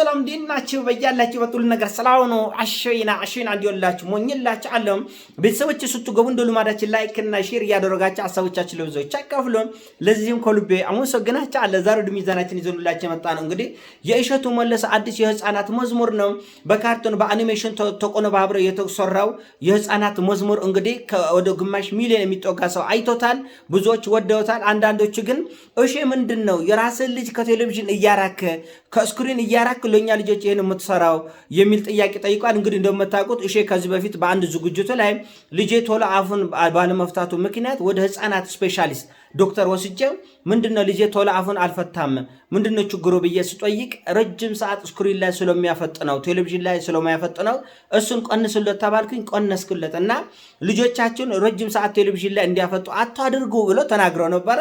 ሰላም እንዴት ናችሁ? በያላችሁ በጥሉ ነገር ሰላም ነው። አሸይና አሸይና እንዲወላችሁ ሞኝላችሁ አለም ቤተሰቦች ስትገቡ እንደ ልማዳችን ላይክ እና ሼር እያደረጋችሁ ሀሳቦቻችን ለብዙዎች አካፍሉ። ለዚህም ከልቤ አመሰግናችሁ አለ። ዛሬ ወደ ሚዛናችን ይዘንላችሁ የመጣ ነው እንግዲህ የእሸቱ መለሰ አዲስ የህፃናት መዝሙር ነው። በካርቶን በአኒሜሽን ተቀነባብሮ የተሰራው የህፃናት መዝሙር እንግዲህ ወደ ግማሽ ሚሊዮን የሚጠጋ ሰው አይቶታል። ብዙዎች ወደውታል። አንዳንዶች ግን እሺ ምንድን ነው የራስን ልጅ ከቴሌቪዥን እያራከ ከስክሪን እያራክ ለእኛ ልጆች ይህን የምትሰራው የሚል ጥያቄ ጠይቋል። እንግዲህ እንደምታውቁት እሼ ከዚህ በፊት በአንድ ዝግጅቱ ላይ ልጄ ቶሎ አፉን ባለመፍታቱ ምክንያት ወደ ህፃናት ስፔሻሊስት ዶክተር ወስጄ ምንድነው ልጄ ቶሎ አፉን አልፈታም ምንድነው ችግሩ ብዬ ስጠይቅ ረጅም ሰዓት ስክሪን ላይ ስለሚያፈጥነው ቴሌቪዥን ላይ ስለሚያፈጥነው እሱን ቀንስለት ተባልኩኝ። ቀነስክለት እና ልጆቻችን ረጅም ሰዓት ቴሌቪዥን ላይ እንዲያፈጡ አታድርጉ ብሎ ተናግረው ነበረ።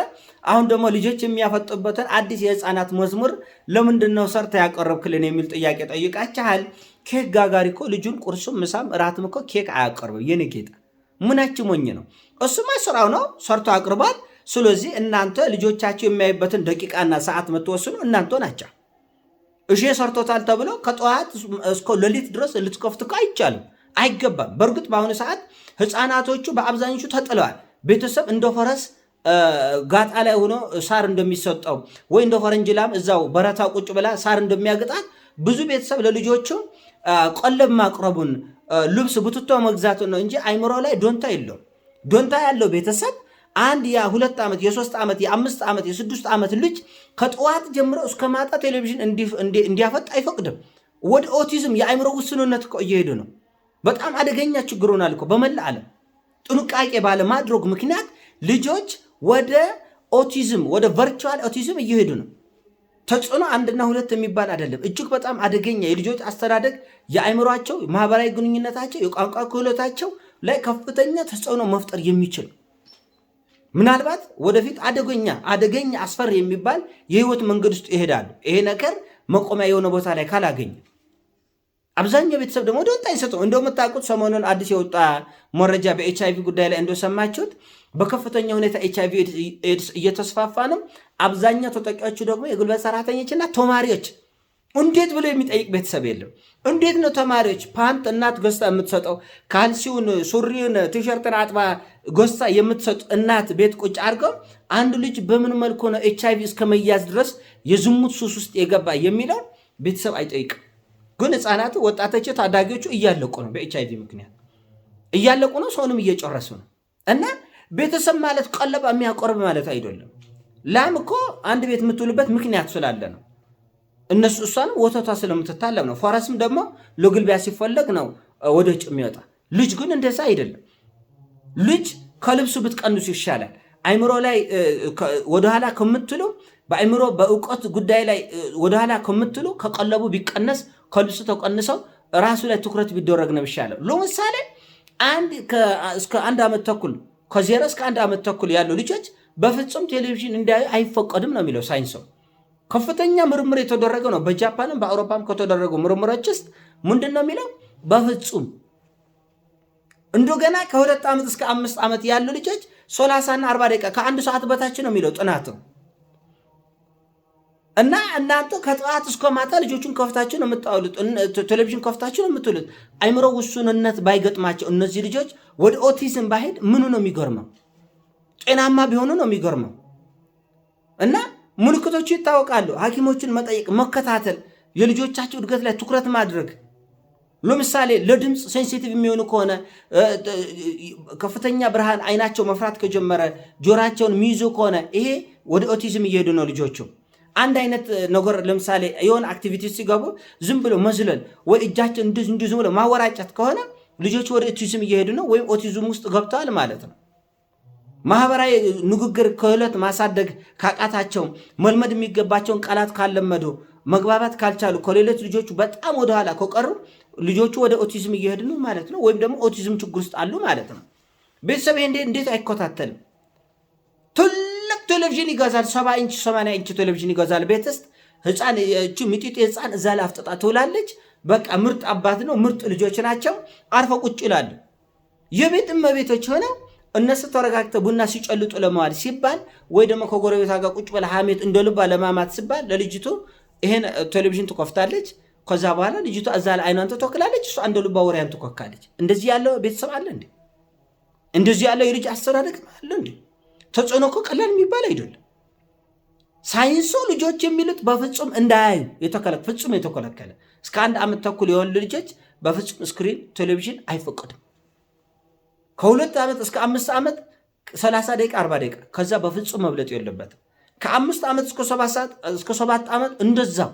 አሁን ደግሞ ልጆች የሚያፈጡበትን አዲስ የህፃናት መዝሙር ለምንድነው ነው ሰርተ ያቀረብክልን የሚል ጥያቄ ጠይቃችኋል። ኬክ ጋጋሪ እኮ ልጁን ቁርሱም ምሳም እራትም እኮ ኬክ አያቀርብም። የኔ ጌታ ሞኝ ነው? እሱማ ስራው ነው ሰርቶ አቅርቧል። ስለዚህ እናንተ ልጆቻቸው የሚያዩበትን ደቂቃና ሰዓት የምትወስኑ እናንተ ናቸው። እሺ ሰርቶታል ተብሎ ከጠዋት እስከ ሌሊት ድረስ ልትከፍት እኮ አይቻልም፣ አይገባም። በእርግጥ በአሁኑ ሰዓት ህፃናቶቹ በአብዛኞቹ ተጥለዋል። ቤተሰብ እንደ ፈረስ ጋጣ ላይ ሆኖ ሳር እንደሚሰጠው ወይ እንደ ፈረንጅ ላም እዛው በረታ ቁጭ ብላ ሳር እንደሚያግጣት ብዙ ቤተሰብ ለልጆቹ ቀለብ ማቅረቡን ልብስ ብትቶ መግዛቱን ነው እንጂ አይምሮ ላይ ዶንታ የለው ዶንታ ያለው ቤተሰብ አንድ የሁለት ዓመት የሶስት ዓመት የአምስት ዓመት የስድስት ዓመት ልጅ ከጠዋት ጀምሮ እስከ ማታ ቴሌቪዥን እንዲያፈጥ አይፈቅድም። ወደ ኦቲዝም የአይምሮ ውስንነት እኮ እየሄዱ ነው። በጣም አደገኛ ችግር ሆናል እኮ በመላ ዓለም ጥንቃቄ ባለማድረግ ምክንያት ልጆች ወደ ኦቲዝም ወደ ቨርቹዋል ኦቲዝም እየሄዱ ነው። ተጽዕኖ አንድና ሁለት የሚባል አይደለም። እጅግ በጣም አደገኛ የልጆች አስተዳደግ፣ የአእምሯቸው፣ ማህበራዊ ግንኙነታቸው፣ የቋንቋ ክህሎታቸው ላይ ከፍተኛ ተጽዕኖ መፍጠር የሚችል ምናልባት ወደፊት አደገኛ አደገኛ አስፈር የሚባል የህይወት መንገድ ውስጥ ይሄዳሉ። ይሄ ነገር መቆሚያ የሆነ ቦታ ላይ ካላገኘ አብዛኛው ቤተሰብ ደግሞ ወደ ወጣ አይሰጠው። እንደምታውቁት ሰሞኑን አዲስ የወጣ መረጃ በኤች አይቪ ጉዳይ ላይ እንደሰማችሁት በከፍተኛ ሁኔታ ኤች አይቪ ኤድስ እየተስፋፋ ነው። አብዛኛው ተጠቂዎቹ ደግሞ የጉልበት ሰራተኞችና ተማሪዎች። እንዴት ብሎ የሚጠይቅ ቤተሰብ የለም። እንዴት ነው ተማሪዎች ፓንት እናት ገዝታ የምትሰጠው ካልሲውን፣ ሱሪን ቲሸርትን አጥባ ገዝታ የምትሰጡ እናት ቤት ቁጭ አድርገው አንድ ልጅ በምን መልኩ ነው ኤች አይቪ እስከ መያዝ ድረስ የዝሙት ሱስ ውስጥ የገባ የሚለው ቤተሰብ አይጠይቅም። ግን ህፃናቱ፣ ወጣቶች፣ ታዳጊዎቹ እያለቁ ነው። በኤች አይቪ ምክንያት እያለቁ ነው። ሰውንም እየጨረሱ ነው። እና ቤተሰብ ማለት ቀለብ የሚያቆርብ ማለት አይደለም። ላም እኮ አንድ ቤት የምትውልበት ምክንያት ስላለ ነው። እነሱ እሷንም ወተቷ ስለምትታለብ ነው። ፈረስም ደግሞ ለግልቢያ ሲፈለግ ነው ወደ ውጭ የሚወጣ። ልጅ ግን እንደዛ አይደለም። ልጅ ከልብሱ ብትቀንሱ ይሻላል። አይምሮ ላይ ወደኋላ ከምትሉ በአይምሮ በእውቀት ጉዳይ ላይ ወደኋላ ከምትሉ ከቀለቡ ቢቀነስ ከልብሱ ተቀንሰው ራሱ ላይ ትኩረት ቢደረግ ነው የሚሻለው። ለምሳሌ እስከ አንድ ዓመት ተኩል ከዜሮ እስከ አንድ ዓመት ተኩል ያሉ ልጆች በፍጹም ቴሌቪዥን እንዲያዩ አይፈቀድም ነው የሚለው ሳይንሰው። ከፍተኛ ምርምር የተደረገ ነው። በጃፓንም በአውሮፓም ከተደረጉ ምርምሮች ውስጥ ምንድን ነው የሚለው በፍጹም እንደገና ከሁለት ዓመት እስከ አምስት ዓመት ያሉ ልጆች ሰላሳና አርባ ደቂቃ ከአንድ ሰዓት በታች ነው የሚለው ጥናት እና እናንተ ከጠዋት እስከ ማታ ልጆቹን ከፍታችሁ ነው የምታውሉት፣ ቴሌቪዥን ከፍታችሁ ነው የምትውሉት። አይምሮ ውሱንነት ባይገጥማቸው እነዚህ ልጆች ወደ ኦቲዝም ባሄድ ምኑ ነው የሚገርመው? ጤናማ ቢሆኑ ነው የሚገርመው። እና ምልክቶቹ ይታወቃሉ። ሐኪሞችን መጠየቅ፣ መከታተል፣ የልጆቻቸው እድገት ላይ ትኩረት ማድረግ። ለምሳሌ ለድምፅ ሴንሲቲቭ የሚሆኑ ከሆነ ከፍተኛ ብርሃን አይናቸው መፍራት ከጀመረ ጆራቸውን የሚይዙ ከሆነ ይሄ ወደ ኦቲዝም እየሄዱ ነው ልጆቹ። አንድ አይነት ነገር ለምሳሌ የሆነ አክቲቪቲ ሲገቡ ዝም ብሎ መዝለል ወይ እጃቸው እንዲህ ዝም ብሎ ማወራጨት ከሆነ ልጆች ወደ ኦቲዝም እየሄዱ ነው ወይም ኦቲዝም ውስጥ ገብተዋል ማለት ነው። ማህበራዊ ንግግር ክህሎት ማሳደግ ካቃታቸው መልመድ የሚገባቸውን ቃላት ካለመዱ መግባባት ካልቻሉ ከሌሎች ልጆቹ በጣም ወደኋላ ከቀሩ ልጆቹ ወደ ኦቲዝም እየሄዱ ነው ማለት ነው። ወይም ደግሞ ኦቲዝም ችግር ውስጥ አሉ ማለት ነው። ቤተሰብ እንዴት አይኮታተልም? ቴሌቪዥን ይገዛል። ሰባ ኢንች ሰማንያ ኢንች ቴሌቪዥን ይገዛል። ቤት ውስጥ ህፃን ሚጢጤ ህፃን እዛ ላይ አፍጥጣ ትውላለች። በቃ ምርጥ አባት ነው፣ ምርጥ ልጆች ናቸው። አርፈ ቁጭ ይላሉ። የቤት እመቤቶች ሆነው እነሱ ተረጋግተው ቡና ሲጨልጡ ለመዋል ሲባል ወይ ደግሞ ከጎረቤቷ ጋር ቁጭ ብላ ሀሜት እንደልባ ለማማት ሲባል ለልጅቱ ይሄን ቴሌቪዥን ትኮፍታለች። ከዛ በኋላ ልጅቷ እዛ ላይ አይኗን ትተክላለች፣ እሷ እንደ ልባ ትኮካለች። እንደዚህ ያለው ቤተሰብ አለ እንዴ? እንደዚህ ያለው የልጅ አስተዳደግ አለ እንዴ? ተጽዕኖ እኮ ቀላል የሚባል አይደለም። ሳይንሱ ልጆች የሚሉት በፍጹም እንዳያዩ ፍጹም የተከለከለ እስከ አንድ ዓመት ተኩል የወሉ ልጆች በፍጹም ስክሪን ቴሌቪዥን አይፈቀድም። ከሁለት ዓመት እስከ አምስት ዓመት 30 ደቂቃ 40 ደቂቃ ከዛ በፍጹም መብለጥ የለበትም። ከአምስት ዓመት እስከ ሰባት ዓመት እንደዛው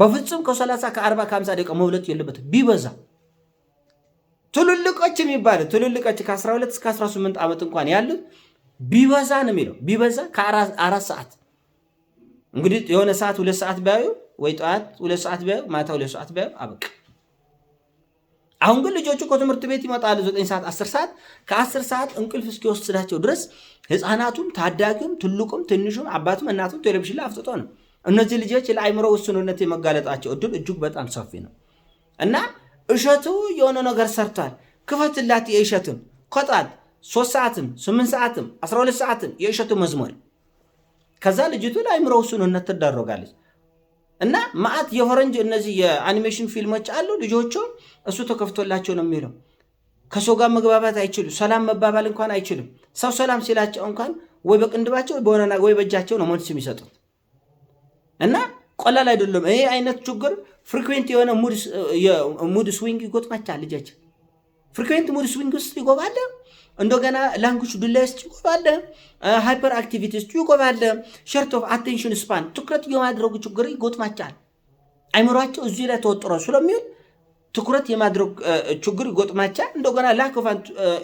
በፍጹም ከ40 ከ50 ደቂቃ መብለጥ የለበትም ቢበዛ ትልልቆች የሚባሉ ትልልቆች ከ12 እስከ 18 ዓመት እንኳን ያሉት ቢበዛ ነው የሚለው ቢበዛ ከአራት ሰዓት እንግዲህ የሆነ ሰዓት ሁለት ሰዓት ቢያዩ ወይ ጠዋት ሁለት ሰዓት ቢያዩ ማታ ሁለት ሰዓት ቢያዩ አበቃ። አሁን ግን ልጆቹ ከትምህርት ቤት ይመጣሉ ዘጠኝ ሰዓት አስር ሰዓት ከአስር ሰዓት እንቅልፍ እስኪወስዳቸው ድረስ ህፃናቱም ታዳጊውም ትልቁም ትንሹም አባቱም እናቱም ቴሌቪዥን ላይ አፍጥጦ ነው። እነዚህ ልጆች ለአይምሮ ውስንነት የመጋለጣቸው እድል እጅግ በጣም ሰፊ ነው እና እሸቱ የሆነ ነገር ሰርቷል። ክፈትላት የእሸትን ኮጣት ሶስት ሰዓትም ስምንት ሰዓትም አስራ ሁለት ሰዓትም የእሸቱ መዝሙር። ከዛ ልጅቱ ለአእምሮ ውስንነት ትዳረጋለች እና ማአት የፈረንጅ እነዚህ የአኒሜሽን ፊልሞች አሉ። ልጆቹ እሱ ተከፍቶላቸው ነው የሚለው። ከሰው ጋር መግባባት አይችሉም። ሰላም መባባል እንኳን አይችልም። ሰው ሰላም ሲላቸው እንኳን ወይ በቅንድባቸው ወይ በእጃቸው ነው መልስ የሚሰጡት እና ቀላል አይደለም። ይሄ አይነት ችግር ፍሪኩዌንት የሆነ ሙድ ስዊንግ ይጎጥማቻል ልጃቸው ፍሪኩዌንት ሙድ ስዊንግ ውስጥ ይጎባለ እንደገና ላንጉጅ ዱላይስ ይቆማለ፣ ሃይፐር አክቲቪቲስ ይቆማለ፣ ሸርት ኦፍ አቴንሽን ስፓን ትኩረት የማድረጉ ችግር ይጎጥማቻል። አይምሯቸው እዚ ላይ ተወጥሮ ስለሚሆን ትኩረት የማድረግ ችግር ይጎጥማቻል። እንደገና ላክ ኦፍ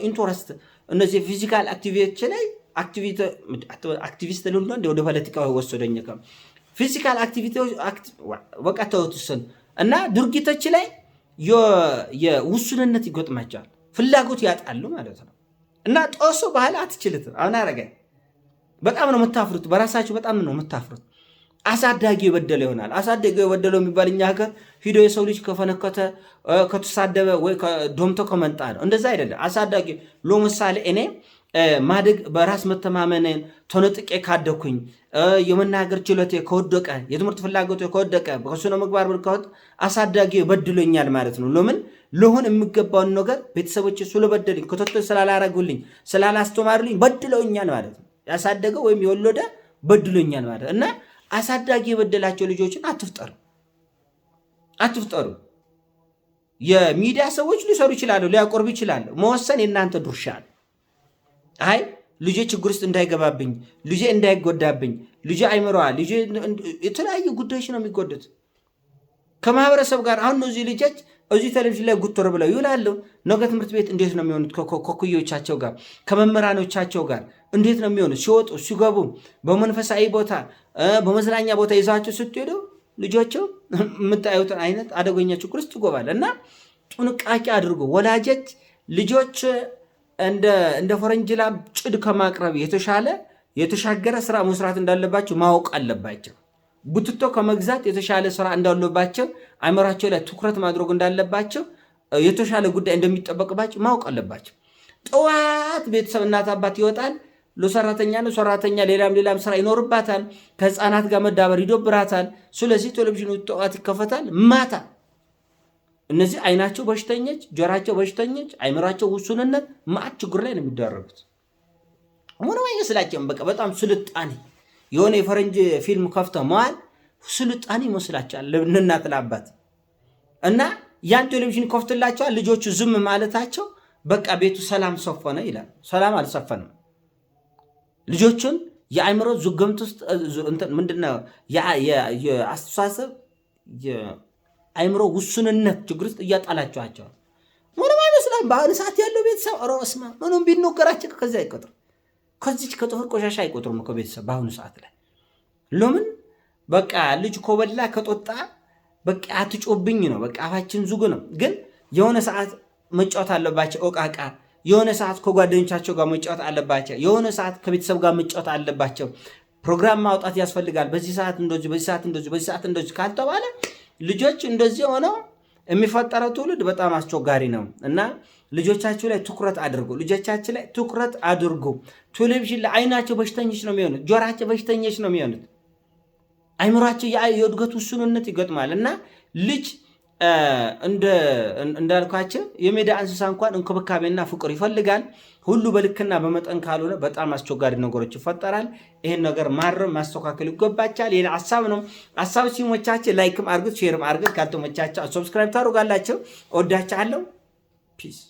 ኢንተረስት እነዚህ ፊዚካል አክቲቪቲ ላይ አክቲቪስት ልሆን ወደ ፖለቲካ ወሰደኝ። ፊዚካል አክቲቪቲ በቃ ተወትስን እና ድርጊቶች ላይ የውሱንነት ይጎጥማቻል። ፍላጎት ያጣሉ ማለት ነው። እና ጦሱ ባህል አትችልት አሁን አረጋኝ በጣም ነው የምታፍሩት፣ በራሳችሁ በጣም ነው የምታፍሩት። አሳዳጊ የበደለ ይሆናል። አሳዳጊ የበደለው የሚባል እኛ ሀገር ሂዶ የሰው ልጅ ከፈነከተ ከተሳደበ ወይ ዶምቶ ከመንጣ ነው። እንደዛ አይደለም። አሳዳጊ ለምሳሌ እኔ ማደግ በራስ መተማመንን ተነጥቄ ካደኩኝ የመናገር ችሎቴ ከወደቀ የትምህርት ፍላጎቴ ከወደቀ በሱነ ምግባር ብልካወት አሳዳጊ በድሎኛል ማለት ነው። ለምን ልሆን የምገባውን ነገር ቤተሰቦች ስለበደሉኝ፣ ክትትል ስላላረጉልኝ፣ ስላላስተማሩልኝ በድለውኛል ማለት ነው። ያሳደገ ወይም የወለደ በድሎኛል ማለት እና አሳዳጊ የበደላቸው ልጆችን አትፍጠሩ፣ አትፍጠሩ። የሚዲያ ሰዎች ሊሰሩ ይችላሉ፣ ሊያቆርቡ ይችላሉ። መወሰን የእናንተ ድርሻ ነው። አይ ልጄ ችግር ውስጥ እንዳይገባብኝ፣ ልጄ እንዳይጎዳብኝ፣ ልጄ አይምረዋ፣ ልጄ የተለያዩ ጉዳዮች ነው የሚጎዱት ከማህበረሰብ ጋር አሁን እነዚህ ልጆች እዚህ ቴሌቪዥን ላይ ጉትር ብለው ይውላሉ። ነገ ትምህርት ቤት እንዴት ነው የሚሆኑት? ከኩዮቻቸው ጋር ከመምህራኖቻቸው ጋር እንዴት ነው የሚሆኑት? ሲወጡ ሲገቡ፣ በመንፈሳዊ ቦታ በመዝናኛ ቦታ ይዛቸው ስትሄዱ ልጆቸው የምታዩትን አይነት አደገኛ ችግር ውስጥ ይጎባል እና ጥንቃቄ አድርጎ ወላጆች ልጆች እንደ ፈረንጅ ላም ጭድ ከማቅረብ የተሻለ የተሻገረ ስራ መስራት እንዳለባቸው ማወቅ አለባቸው። ጉትቶ ከመግዛት የተሻለ ስራ እንዳለባቸው አይምሯቸው ላይ ትኩረት ማድረግ እንዳለባቸው የተሻለ ጉዳይ እንደሚጠበቅባቸው ማወቅ አለባቸው። ጠዋት ቤተሰብ እናት አባት ይወጣል። ለሰራተኛ ነው ሰራተኛ ሌላም ሌላም ስራ ይኖርባታል። ከህፃናት ጋር መዳበር ይዶብራታል። ስለዚህ ቴሌቪዥኑ ጠዋት ይከፈታል። ማታ እነዚህ አይናቸው በሽተኞች፣ ጆራቸው በሽተኞች፣ አይምሯቸው ውሱንነት ማት ችግር ላይ ነው የሚደረጉት። ምንም አይመስላቸውም። በቃ በጣም ስልጣኔ የሆነ የፈረንጅ ፊልም ከፍተ መዋል ስልጣን ይመስላቸዋል ለእናት ለአባት እና ያን ቴሌቪዥን ይከፍትላቸዋል። ልጆቹ ዝም ማለታቸው በቃ ቤቱ ሰላም ሰፈነ ይላል። ሰላም አልሰፈንም። ልጆቹን የአእምሮ ዙገምት ውስጥ ምንድነው የአስተሳሰብ የአእምሮ ውሱንነት ችግር ውስጥ እያጣላቸዋቸው ምንም አይመስላም። በአሁኑ ሰዓት ያለው ቤተሰብ ሮ ስማ ምንም ቢኖገራቸው ከዚ አይቆጥርም። ከዚች ከጥፍር ቆሻሻ አይቆጥሩም ከቤተሰብ በአሁኑ ሰዓት ላይ ለምን በቃ ልጅ ኮበላ ከጦጣ በቃ አትጮብኝ ነው። በቃ አፋችን ዙግ ነው። ግን የሆነ ሰዓት መጫወት አለባቸው እቃቃ የሆነ ሰዓት ከጓደኞቻቸው ጋር መጫወት አለባቸው። የሆነ ሰዓት ከቤተሰብ ጋር መጫወት አለባቸው። ፕሮግራም ማውጣት ያስፈልጋል። በዚህ ሰዓት እንደዚህ፣ በዚህ ሰዓት እንደዚህ፣ በዚህ ሰዓት እንደዚህ ካልተባለ ልጆች እንደዚህ ሆነው የሚፈጠረው ትውልድ በጣም አስቸጋሪ ነው እና ልጆቻችሁ ላይ ትኩረት አድርጉ። ልጆቻችሁ ላይ ትኩረት አድርጉ። ቴሌቪዥን ላይ አይናቸው በሽተኞች ነው የሚሆኑት። ጆራቸው በሽተኞች ነው የሚሆኑት። አይምሯቸው የእድገት ውስንነት ይገጥማል እና ልጅ እንዳልኳቸው የሜዳ እንስሳ እንኳን እንክብካቤና ፍቅር ይፈልጋል። ሁሉ በልክና በመጠን ካልሆነ በጣም አስቸጋሪ ነገሮች ይፈጠራል። ይህን ነገር ማረም ማስተካከል ይገባቻል። ሌላ ሀሳብ ነው። ሀሳብ ሲሞቻቸው ላይክም አርግት፣ ሼርም አርግት። ካልተሞቻቸው ሰብስክራይብ ታደርጋላቸው። ወዳችኋለሁ። ፒስ